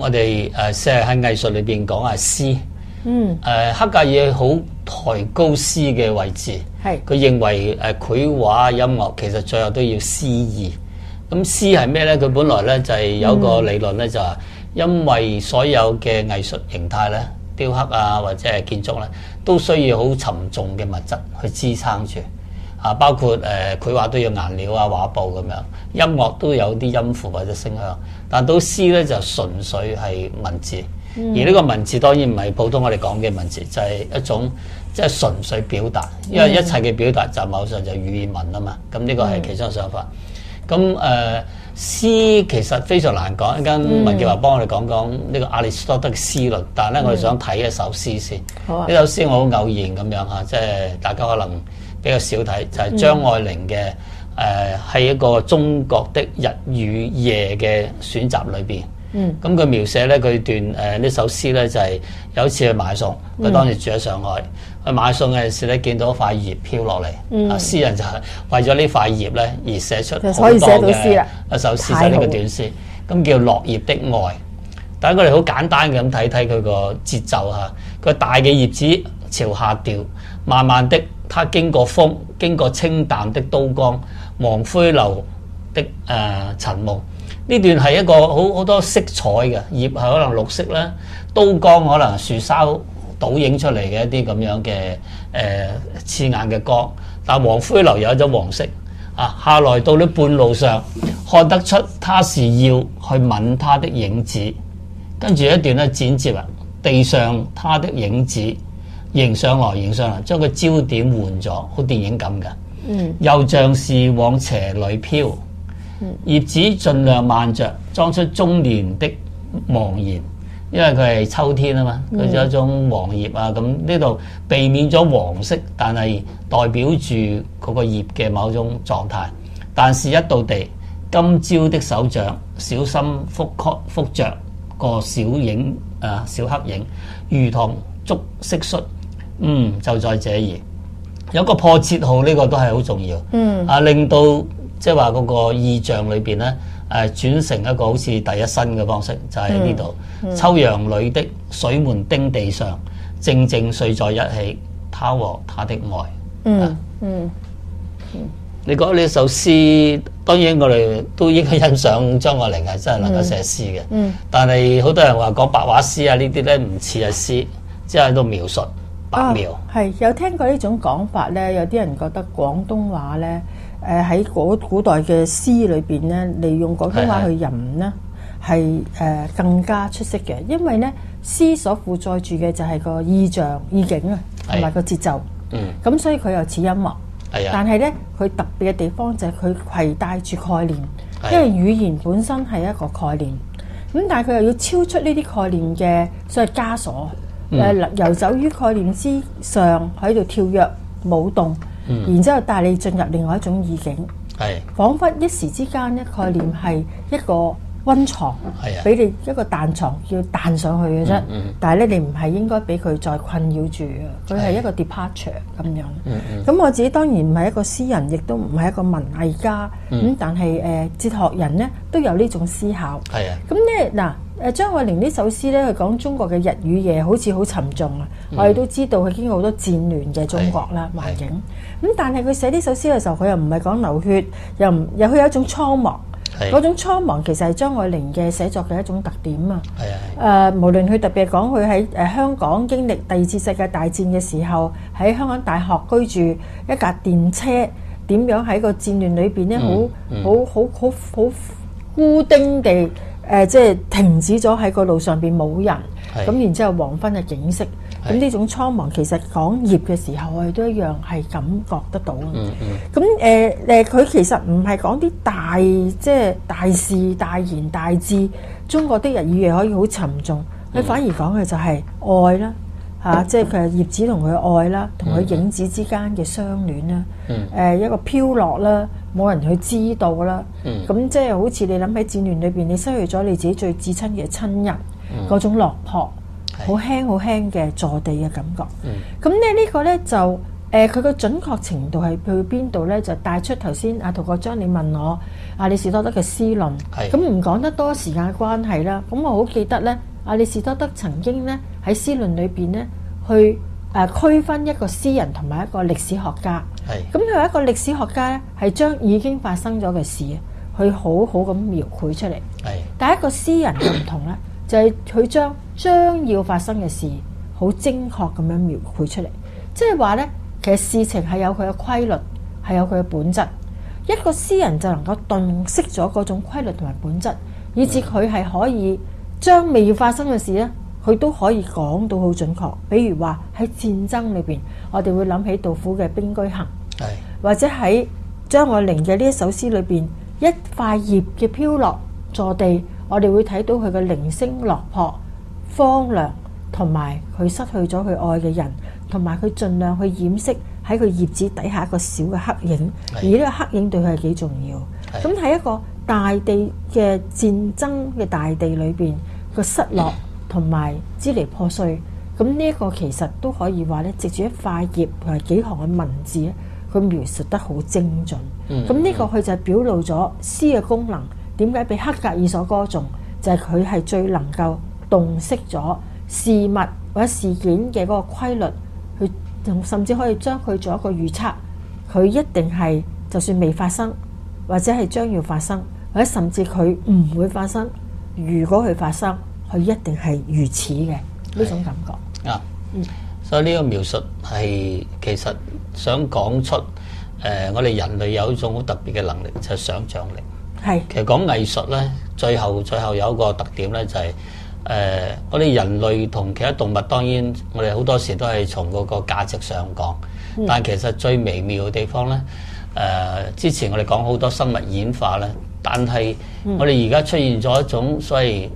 我哋誒即係喺藝術裏邊講下詩、嗯，嗯誒黑格爾好抬高詩嘅位置，係佢認為誒繪畫、音樂其實最後都要詩意。咁詩係咩咧？佢本來咧就係有個理論咧，就係因為所有嘅藝術形態咧、嗯，雕刻啊或者係建築咧、啊，都需要好沉重嘅物質去支撐住。啊，包括誒，繪、呃、畫都要顏料啊、畫布咁樣，音樂都有啲音符或者聲響，但到詩咧就純粹係文字，嗯、而呢個文字當然唔係普通我哋講嘅文字，就係、是、一種即係純粹表達，因為一切嘅表達就某上就語言文啊嘛，咁、嗯、呢個係其中嘅想法。咁、嗯、誒，詩、呃、其實非常難講，一陣間文潔華幫我哋講講呢個亞里士多德嘅詩論，但咧、嗯、我哋想睇一首詩先。呢、嗯啊、首詩我好偶然咁樣嚇、啊，即係大家可能。比較少睇就係、是、張愛玲嘅，誒、嗯、係、呃、一個中國的《日與夜的擇裡面》嘅選集裏邊。咁佢描寫咧，佢段誒呢首詩咧就係、是、有一次去買餸，佢當時住喺上海，去、嗯、買餸嘅陣時咧見到一塊葉飄落嚟、嗯啊，詩人就係為咗呢塊葉咧而寫出好多嘅一首詩就呢個短詩，咁叫《落葉的愛》。等佢哋好簡單咁睇睇佢個節奏嚇，佢個大嘅葉子朝下掉，慢慢的。它經過風，經過清淡的刀光，黃灰流的誒塵霧。呢、呃、段係一個好好多色彩嘅葉，係可能綠色啦，刀光可能樹梢倒影出嚟嘅一啲咁樣嘅、呃、刺眼嘅光。但黃灰流有一種黃色啊，下來到咗半路上，看得出它是要去吻它的影子。跟住一段咧剪接啊，地上它的影子。迎上，上來，迎上來，將個焦點換咗，好電影感㗎。又像是往斜裏飄，葉子盡量慢着裝出中年的茫然。因為佢係秋天啊嘛，佢有一種黃葉啊。咁呢度避免咗黃色，但係代表住佢個葉嘅某種狀態。但是一到地，今朝的手掌，小心覆蓋覆著個小影、啊，小黑影，如同竹色樹。嗯，就在這兒，有個破折號呢、這個都係好重要。嗯，啊令到即係話嗰個意象裏邊咧，誒、啊、轉成一個好似第一身嘅方式，就係呢度。秋陽裏的水門汀地上，靜靜睡在一起，他和他的愛。嗯嗯，、啊、嗯，你覺得呢首詩，當然我哋都應該欣賞張愛玲係真係能夠寫詩嘅、嗯嗯。但係好多人話講白話詩啊這些呢啲咧唔似係詩，即係喺度描述。啊，係有聽過這種呢種講法咧？有啲人覺得廣東話咧，誒喺古古代嘅詩裏邊咧，利用廣東話去吟呢，係誒、呃、更加出色嘅。因為咧，詩所附載住嘅就係個意象、意境啊，同埋個節奏。嗯，咁所以佢又似音樂。係啊，但係呢，但係咧，佢特別嘅地方就係佢攜帶住概念，因為語言本身係一個概念。咁但係佢又要超出呢啲概念嘅所謂的枷鎖。誒、嗯呃、遊走於概念之上，喺度跳躍舞動，嗯、然之後帶你進入另外一種意境，仿佛一時之間呢概念係一個。温床，俾、啊、你一個彈床，要彈上去嘅啫、嗯嗯。但係咧，你唔係應該俾佢再困擾住啊！佢係一個 departure 咁樣。咁、嗯嗯、我自己當然唔係一個詩人，亦都唔係一個文藝家。咁、嗯、但係誒、呃、哲學人咧都有呢種思考。係、嗯、啊。咁咧嗱，誒、呃、張愛玲首呢首詩咧，佢講中國嘅日與夜好似好沉重啊、嗯！我哋都知道佢經過好多戰亂嘅中國啦、啊、環境。咁、啊啊、但係佢寫呢首詩嘅時候，佢又唔係講流血，又唔又佢有一種蒼茫。嗰種蒼茫其實係張愛玲嘅寫作嘅一種特點啊！誒、呃，無論佢特別係講佢喺誒香港經歷第二次世界大戰嘅時候，喺香港大學居住，一架電車點樣喺個戰亂裏邊咧，好好好好好孤丁地誒，即、呃、係、就是、停止咗喺個路上邊冇人，咁、嗯、然之後黃昏嘅景色。咁、嗯、呢、嗯、種蒼茫，其實講葉嘅時候，我哋都一樣係感覺得到嘅。咁、嗯、佢、嗯嗯呃、其實唔係講啲大即係大事、大言、大志。中國啲人語嘢可以好沉重，佢反而講嘅就係愛啦、啊，即係佢葉子同佢愛啦，同佢影子之間嘅相戀啦、呃。一個飄落啦，冇人去知道啦。咁、嗯嗯嗯嗯嗯、即係好似你諗起戰亂裏面，你失去咗你自己最至親嘅親人，嗰、嗯、種落魄。好輕好輕嘅坐地嘅感覺，咁咧呢個呢，就誒佢個準確程度係去邊度呢？就帶出頭先阿陶國璋你問我阿里士多德嘅《詩論》，咁唔講得多，時間關係啦。咁我好記得呢，阿里士多德曾經呢，喺《詩論》裏邊呢，去誒、呃、區分一個詩人同埋一個歷史學家。係咁，佢話一個歷史學家呢，係將已經發生咗嘅事，佢好好咁描繪出嚟。係，但係一個詩人就唔同啦。 就係佢將將要發生嘅事，好精確咁樣描繪出嚟。即係話呢，其實事情係有佢嘅規律，係有佢嘅本質。一個詩人就能夠洞悉咗嗰種規律同埋本質，以至佢係可以將未要發生嘅事呢，佢都可以講到好準確。比如話喺戰爭裏邊，我哋會諗起杜甫嘅《兵車行》，或者喺張愛玲嘅呢一首詩裏邊，一塊葉嘅飄落坐地。我哋會睇到佢嘅零星落魄、荒涼，同埋佢失去咗佢愛嘅人，同埋佢盡量去掩飾喺佢葉子底下一個小嘅黑影，而呢個黑影對佢係幾重要。咁喺一個大地嘅戰爭嘅大地裏邊，個失落同埋支離破碎，咁呢一個其實都可以話咧，藉住一塊葉同埋幾行嘅文字，佢描述得好精準。咁、嗯、呢、嗯、個佢就係表露咗詩嘅功能。點解被黑格爾所歌頌，就係佢係最能夠洞悉咗事物或者事件嘅嗰個規律，去甚至可以將佢做一個預測。佢一定係就算未發生，或者係將要發生，或者甚至佢唔會發生。如果佢發生，佢一定係如此嘅。呢種感覺。啊，嗯，所以呢個描述係其實想講出誒、呃，我哋人類有一種好特別嘅能力，就係、是、想象力。其實講藝術咧，最後最後有一個特點咧，就係、是、誒、呃，我哋人類同其他動物當然，我哋好多時都係從嗰個價值上講，但係其實最微妙嘅地方咧，誒、呃，之前我哋講好多生物演化咧，但係我哋而家出現咗一種，所謂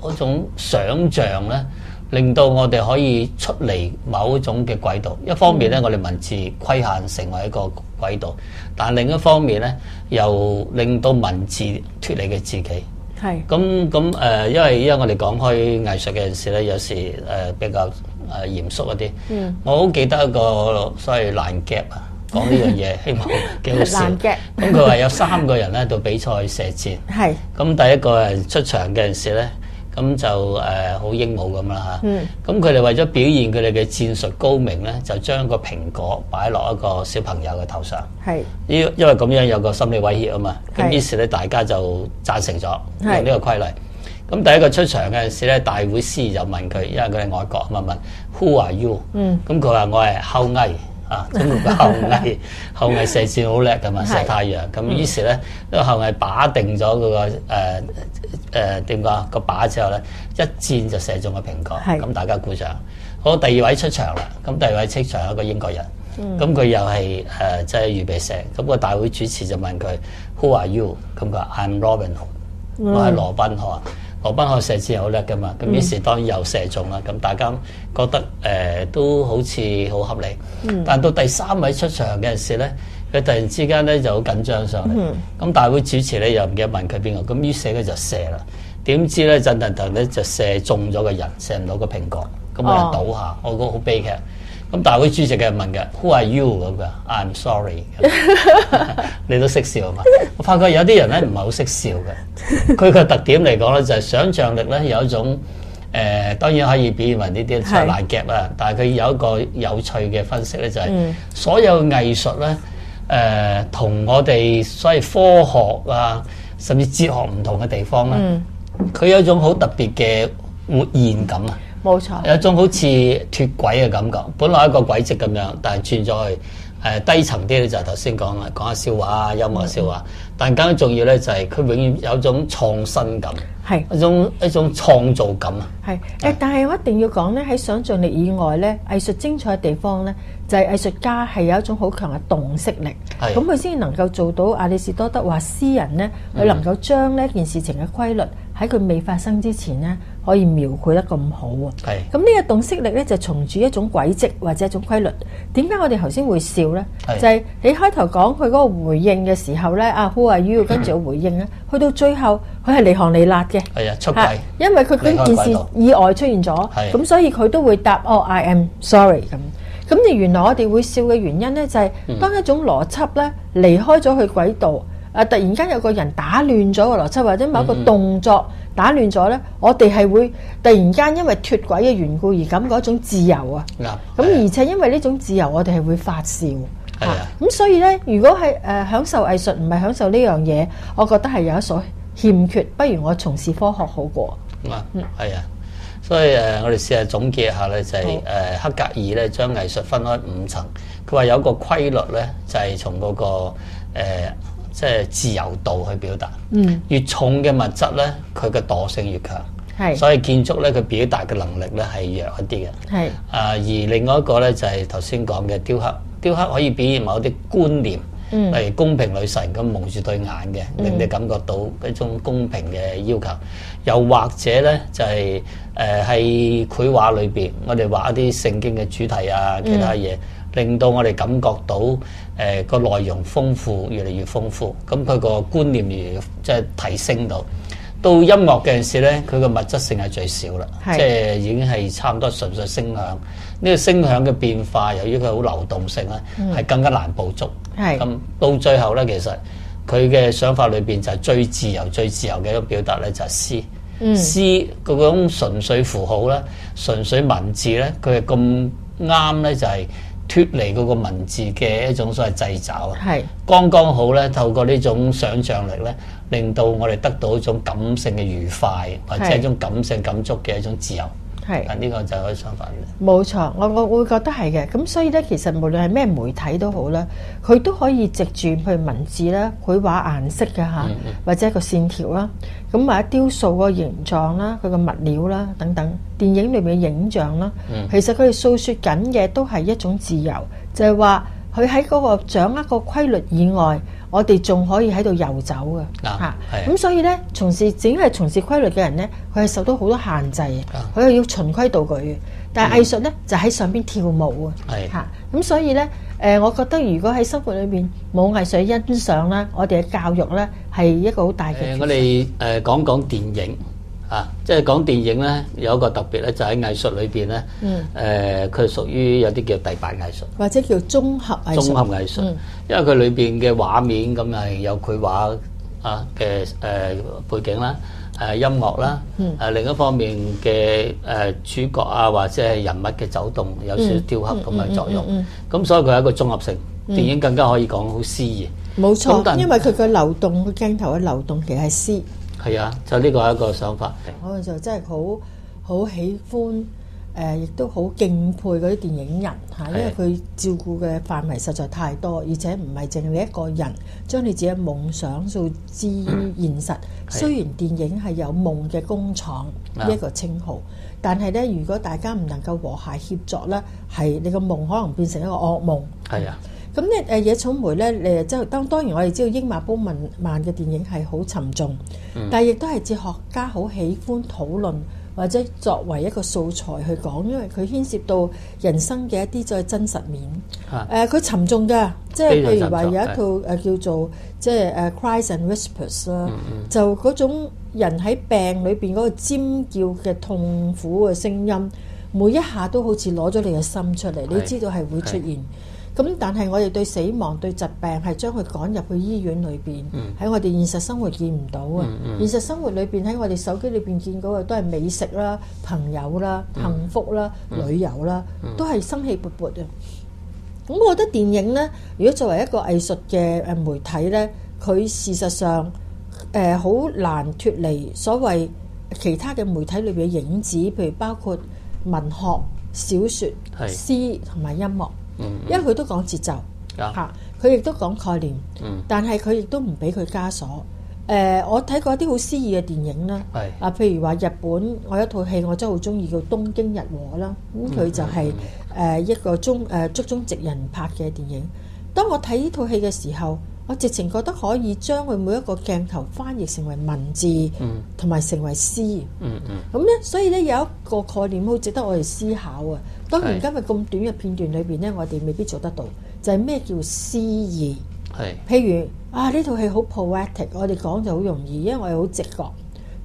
嗰種想像咧。令到我哋可以出嚟某種嘅軌道，一方面咧，嗯、我哋文字規限成為一個軌道，但另一方面咧，又令到文字脫離嘅自己。係。咁咁誒，因為而家我哋講開藝術嘅陣時咧，有時誒、呃、比較誒、呃、嚴肅一啲。嗯。我好記得一個所謂爛夾啊，講呢樣嘢， 希望幾好笑。爛夾。咁佢話有三個人咧， 到比賽射箭。係。咁第一個人出場嘅陣時咧。咁就誒好英武咁啦嚇，咁佢哋為咗表現佢哋嘅戰術高明咧，就將個蘋果擺落一個小朋友嘅頭上。係，因因為咁樣有個心理威脅啊嘛，咁於是咧大家就贊成咗用呢個規例。咁第一個出場嘅時咧，大會司就問佢，因為佢係外國啊嘛，問 Who are you？嗯，咁佢話我係后羿。 啊！中國後羿，後羿射箭好叻㗎嘛， 射太陽。咁於是咧、嗯那個呃呃，個後羿把定咗佢個誒誒點講啊個靶之後咧，一箭就射中個蘋果。咁大家鼓掌。好，第二位出場啦。咁第二位出場係一個英國人。咁、嗯、佢又係誒即係預備射。咁、那個大會主持就問佢：Who are you？咁佢話：I'm Robin Hood。嗯、我係羅賓呵。我羅賓學射箭好叻噶嘛，咁於是當然又射中啦，咁大家覺得誒、呃、都好似好合理，但到第三位出場嘅陣時咧，佢突然之間咧就好緊張上嚟，咁大會主持咧又唔記得問佢邊個，咁於是佢就射啦，點知咧震震騰騰就射中咗個人，射唔到個蘋果，咁我就倒下，oh。我覺得好悲劇。咁大會主席嘅問嘅，Who are you 咁嘅？I'm sorry， 你都識笑啊嘛？我發覺有啲人咧唔係好識笑嘅。佢嘅特點嚟講咧，就係想像力咧有一種誒、呃，當然可以表現為呢啲就係爛 gag 啦。但係佢有一個有趣嘅分析咧、就係，就、嗯、係所有藝術咧同我哋所謂科學啊，甚至哲學唔同嘅地方咧，佢、嗯、有一種好特別嘅活現感啊！冇錯，有一種好似脫軌嘅感覺，嗯、本來一個軌跡咁樣，但係轉咗去、呃、低層啲咧，就係頭先講啦，講下笑話啊，幽默笑話。嗯、但更加重要咧，就係佢永遠有一種創新感，係、嗯、一種一種創造感啊。係誒，但係我一定要講咧，喺想像力以外咧，藝術精彩嘅地方咧，就係藝術家係有一種好強嘅洞悉力，咁佢先能夠做到阿里士多德話，詩人咧，佢能夠將呢件事情嘅規律喺佢未發生之前咧。可以描繪得咁好喎，咁呢個洞悉力咧，就從住一種軌跡或者一種規律。點解我哋頭先會笑咧？就係你開頭講佢嗰個回應嘅時候咧，啊 Who are you？跟住個回應咧，去到最後佢係離行離辣嘅，係啊出軌，因為佢嗰件事意外出現咗，咁所以佢都會答哦，I am sorry 咁。咁你原來我哋會笑嘅原因咧，就係當一種邏輯咧離開咗佢軌道。啊！突然間有個人打亂咗個邏輯，或者某一個動作打亂咗呢、嗯。我哋係會突然間因為脫軌嘅緣故而感覺一種自由啊。咁、嗯、而且因為呢種自由，我哋係會發笑。咁、啊、所以呢，如果係誒享受藝術唔係享受呢樣嘢，我覺得係有一所欠缺，不如我從事科學好過。啊，嗯，係啊，所以誒，我哋試下總結一下呢，就係、是、誒黑格爾呢將藝術分開五層，佢話有個規律呢，就係、是、從嗰、那個、呃即係自由度去表達，越重嘅物質咧，佢嘅惰性越強，所以建築咧，佢表達嘅能力咧係弱一啲嘅。係啊，而另外一個咧就係頭先講嘅雕刻，雕刻可以表現某啲觀念、嗯，例如公平女神咁蒙住對眼嘅，令你感覺到一種公平嘅要求。嗯又或者咧，就係誒係繪畫裏邊，我哋畫一啲聖經嘅主題啊，其他嘢、嗯，令到我哋感覺到誒個內容豐富，越嚟越豐富。咁佢個觀念越即係提升到。到音樂嘅陣時咧，佢個物質性係最少啦，即係、即係、已經係差唔多純粹聲響。呢、呢個聲響嘅變化，由於佢好流動性咧，係、嗯、更加難捕捉。係咁，到最後咧，其實。佢嘅想法裏面就係最自由、最自由嘅一種表達咧，就、嗯、詩。詩嗰種純粹符號咧，純粹文字咧，佢係咁啱咧，就係脫離嗰個文字嘅一種所謂製造啊。係。剛剛好咧，透過呢種想像力咧，令到我哋得到一種感性嘅愉快，或者一種感性感觸嘅一種自由。係，呢個就係相反嘅。冇錯，我我會覺得係嘅。咁所以咧，其實無論係咩媒體都好啦，佢都可以藉住譬如文字啦、繪畫顏色嘅嚇，或者個線條啦，咁或者雕塑個形狀啦、佢個物料啦等等，電影裏面嘅影像啦，其實佢哋訴說緊嘅都係一種自由，就係話佢喺嗰個掌握個規律以外。我哋仲可以喺度游走嘅，嚇、啊，咁所以咧，從事淨係從事規律嘅人咧，佢係受到好多限制，佢、啊、係要循規蹈矩。但係藝術咧、嗯、就喺上邊跳舞啊，嚇！咁所以咧，誒、呃，我覺得如果喺生活裏邊冇藝術欣賞啦，我哋嘅教育咧係一個好大嘅、呃。我哋誒講講電影。即係講電影咧，有一個特別咧，就喺藝術裏邊咧，誒、嗯，佢係屬於有啲叫第八藝術，或者叫綜合藝術。綜合藝術、嗯，因為佢裏邊嘅畫面咁係、嗯、有佢畫啊嘅誒背景啦，誒、呃、音樂啦，誒、呃嗯、另一方面嘅誒、呃、主角啊或者係人物嘅走動，有少少雕刻咁嘅作用。咁、嗯嗯嗯嗯嗯、所以佢係一個綜合性、嗯、電影，更加可以講好詩意。冇錯，因為佢嘅流動嘅鏡頭嘅流動其實係詩。係啊，就呢個係一個想法。我就真係好好喜歡誒，亦、呃、都好敬佩嗰啲電影人嚇、啊，因為佢照顧嘅範圍實在太多，而且唔係淨係你一個人將你自己嘅夢想做之於現實、啊啊。雖然電影係有夢嘅工廠呢一個稱號，係啊、但係呢，如果大家唔能夠和諧協作呢，係你個夢可能變成一個惡夢。係啊。咁咧，誒野草莓咧，你即係當當然，我哋知道英馬波文曼嘅電影係好沉重，嗯、但係亦都係哲學家好喜歡討論或者作為一個素材去講，因為佢牽涉到人生嘅一啲再真實面。佢、啊、沉重噶，即係譬如話有一套叫做即係 Cries and Whispers 啦、嗯，就嗰種人喺病裏面嗰個尖叫嘅痛苦嘅聲音，每一下都好似攞咗你嘅心出嚟，你知道係會出現。咁，但係我哋對死亡、對疾病係將佢趕入去醫院裏邊，喺我哋現實生活見唔到啊。現實生活裏邊，喺我哋手機裏邊見到嘅都係美食啦、朋友啦、幸福啦、旅遊啦，都係生氣勃勃嘅。咁，我覺得電影呢，如果作為一個藝術嘅誒媒體呢，佢事實上誒好難脱離所謂其他嘅媒體裏邊嘅影子，譬如包括文學、小説、詩同埋音樂。因為佢都講節奏吓，佢、嗯、亦都講概念，嗯、但係佢亦都唔俾佢枷鎖。誒、呃，我睇過一啲好詩意嘅電影啦，啊，譬如話日本，我有一套戲，我真係好中意叫《東京日和》啦。咁、嗯、佢、嗯、就係、是、誒、嗯呃、一個中誒竹、呃、中直人拍嘅電影。當我睇呢套戲嘅時候，我直情覺得可以將佢每一個鏡頭翻譯成為文字，同、嗯、埋成為詩。咁、嗯、咧、嗯，所以咧有一個概念好值得我哋思考啊！當然今日咁短嘅片段裏邊咧，我哋未必做得到。就係、是、咩叫詩意？譬如啊，呢套戲好 poetic，我哋講就好容易，因為我哋好直覺。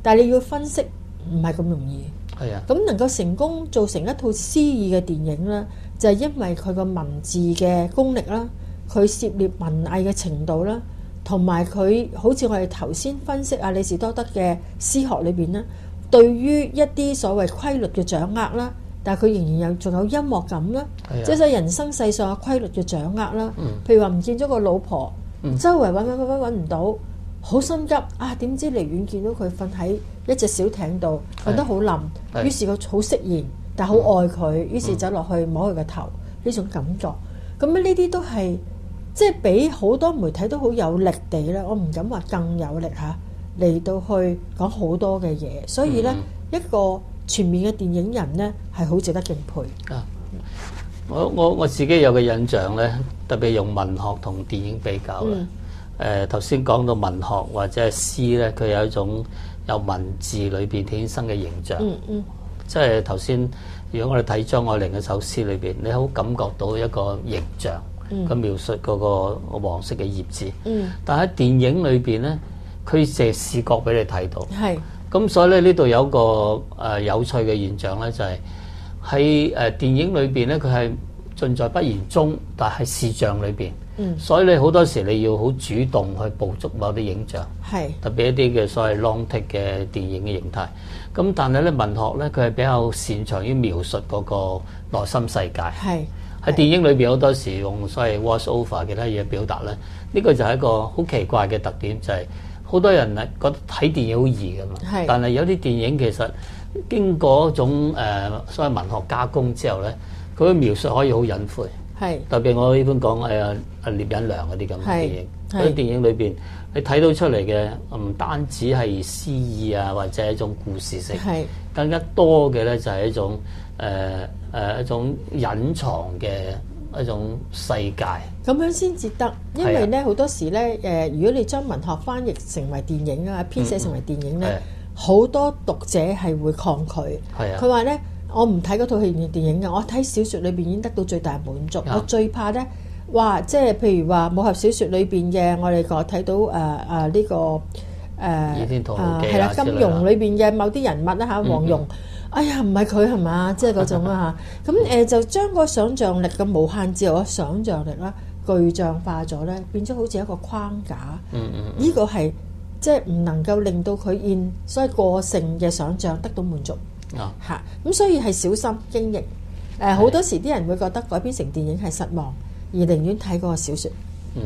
但係你要分析唔係咁容易。係啊，咁能夠成功做成一套詩意嘅電影咧，就係、是、因為佢個文字嘅功力啦，佢涉獵文藝嘅程度啦，同埋佢好似我哋頭先分析阿里士多德嘅詩學裏邊咧，對於一啲所謂規律嘅掌握啦。但係佢仍然有仲有音樂感啦，即係人生世上有規律嘅掌握啦、嗯。譬如話唔見咗個老婆，嗯、周圍揾揾揾揾唔到，好心急啊！點知離遠見到佢瞓喺一隻小艇度，瞓得好冧。於是佢好釋然，但係好愛佢、嗯。於是走落去摸佢嘅頭，呢、嗯、種感覺。咁呢啲都係即係比好多媒體都好有力地啦。我唔敢話更有力嚇，嚟、啊、到去講好多嘅嘢。所以呢，嗯、一個。全面嘅電影人咧，係好值得敬佩。啊，我我我自己有個印象咧，特別用文學同電影比較啦。誒，頭先講到文學或者係詩咧，佢有一種由文字裏邊天生嘅形象。嗯嗯。即係頭先，如果我哋睇張愛玲嘅首詩裏邊，你好感覺到一個形象。嗯。佢描述嗰個黃色嘅葉子。嗯。但係喺電影裏邊咧，佢借視覺俾你睇到。係。咁所以咧呢度有個、呃、有趣嘅現象咧，就係、是、喺、呃、電影裏面咧，佢係盡在不言中，但係視像裏面、嗯。所以你好多時你要好主動去捕捉某啲影像，特別一啲嘅所謂 long take 嘅電影嘅形態。咁但係咧文學咧，佢係比較擅長於描述嗰個內心世界。喺電影裏面，好多時用所謂 voice over 嘅咧嘢表達咧，呢、這個就係一個好奇怪嘅特點就係、是。好多人啊，覺得睇電影好易噶嘛，但係有啲電影其實經過一種誒、呃、所謂文學加工之後咧，佢嘅描述可以好隱晦。係特別我一般講誒誒《聶、呃、隱娘》嗰啲咁嘅電影，喺啲電影裏邊你睇到出嚟嘅唔單止係詩意啊，或者係一種故事性，更加多嘅咧就係一種誒誒、呃呃、一種隱藏嘅。一種世界咁樣先至得，因為咧好多時咧誒，如果你將文學翻譯成為電影啊，編寫成為電影咧，好多讀者係會抗拒。係啊，佢話咧，我唔睇嗰套戲電影嘅，我睇小説裏邊已經得到最大滿足。我最怕咧，哇！即係譬如話武俠小説裏邊嘅，我哋個睇到誒誒呢個誒，天圖係啦，金庸裏邊嘅某啲人物啦嚇，黃蓉。哎呀，唔係佢係嘛，即係嗰種 啊嚇，咁誒、呃、就將個想像力嘅無限自由，想像力啦，具象化咗咧，變咗好似一個框架。嗯嗯，依、這個係即係唔能夠令到佢現所謂個性嘅想像得到滿足。吓、啊，嚇、啊，咁所以係小心經營。誒、呃，好多時啲人會覺得改編成電影係失望，而寧願睇嗰個小説。嗯。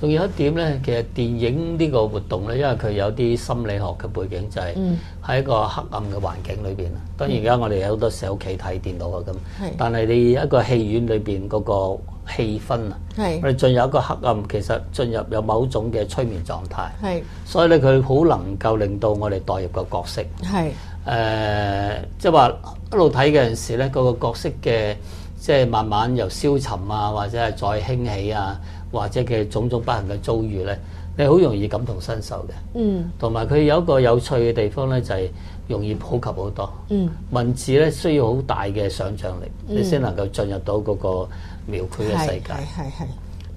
仲有一點咧，其實電影呢個活動咧，因為佢有啲心理學嘅背景，就係喺一個黑暗嘅環境裏邊。當然而家我哋有好多時喺屋企睇電腦啊咁，但係你一個戲院裏邊嗰個氣氛啊，我哋進入一個黑暗，其實進入有某種嘅催眠狀態。係，所以咧佢好能夠令到我哋代入個角色。係，誒，即係話一路睇嘅陣時咧，嗰個角色嘅即係慢慢由消沉啊，或者係再興起啊。或者嘅種種不幸嘅遭遇呢，你好容易感同身受嘅。嗯，同埋佢有一個有趣嘅地方呢，就係、是、容易普及好多。嗯，文字呢，需要好大嘅想像力，嗯、你先能夠進入到嗰個描繪嘅世界。係係係。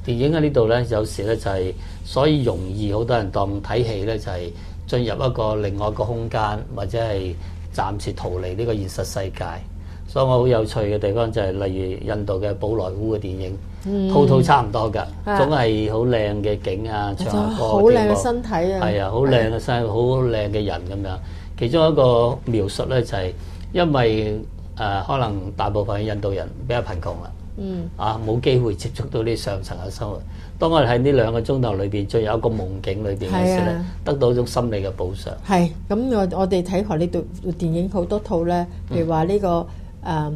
電影喺呢度呢，有時呢就係、是、所以容易好多人當睇戲呢，就係、是、進入一個另外一個空間，或者係暫時逃離呢個現實世界。所以我好有趣嘅地方就係，例如印度嘅寶萊塢嘅電影，套套差唔多㗎，總係好靚嘅景啊，唱下歌，好靚嘅身體啊，係啊，好靚嘅身，好靚嘅人咁樣。其中一個描述咧就係，因為誒可能大部分印度人比較貧窮啦，嗯，啊冇機會接觸到啲上層嘅生活。當我哋喺呢兩個鐘頭裏邊，再有一個夢境裏邊嘅時咧，得到一種心理嘅補償。係，咁我我哋睇開呢度電影好多套咧，譬如話呢個。誒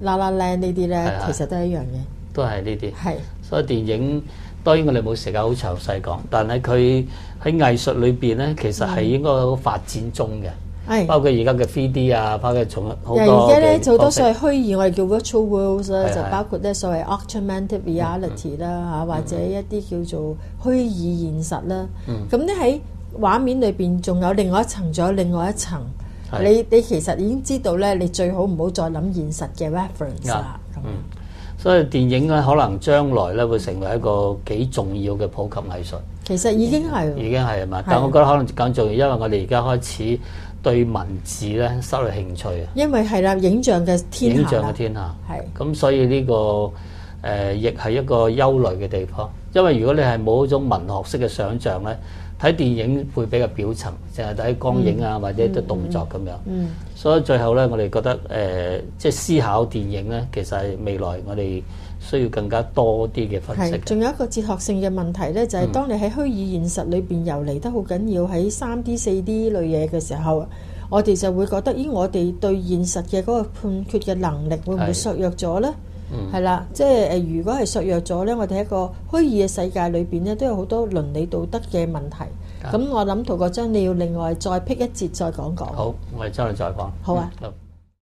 啦啦咧呢啲咧、啊，其實都一樣嘅，都係呢啲。係，所以電影當然我哋冇時間好詳細講，但係佢喺藝術裏邊咧，其實係應該好發展中嘅。係，包括而家嘅 three d 啊，包括從好而家咧好多，呢多所謂虛擬，我哋叫 virtual worlds、啊、就包括咧、啊、所謂 augmented reality 啦、嗯、嚇、嗯，或者一啲叫做虛擬現實啦。嗯。咁咧喺畫面裏邊仲有另外一層，仲有另外一層。你你其實已經知道咧，你最好唔好再諗現實嘅 reference 啦。嗯，所以電影咧可能將來咧會成為一個幾重要嘅普及藝術。其實已經係、嗯，已經係係嘛？但我覺得可能更重要，因為我哋而家開始對文字咧失去興趣啊。因為係啦，影像嘅天下，影像嘅天下係。咁所以呢、呢個誒亦係一個憂慮嘅地方。因為如果你係冇一種文學式嘅想像咧，睇電影會比較表層，淨係睇光影啊、嗯嗯嗯、或者啲動作咁樣、嗯嗯。所以最後咧，我哋覺得誒，即、呃、係、就是、思考電影咧，其實係未來我哋需要更加多啲嘅分析。係，仲有一個哲學性嘅問題咧，就係、是、當你喺虛擬現實裏邊游離得好緊要喺三 D、四 D 類嘢嘅時候，我哋就會覺得，咦，我哋對現實嘅嗰個判決嘅能力會唔會削弱咗咧？係、嗯、啦，即係如果係削弱咗咧，我哋一個虛擬嘅世界裏面咧，都有好多倫理道德嘅問題。咁我諗陶國璋，你要另外再辟一節再講講。好，我哋將來再講、嗯。好啊。好。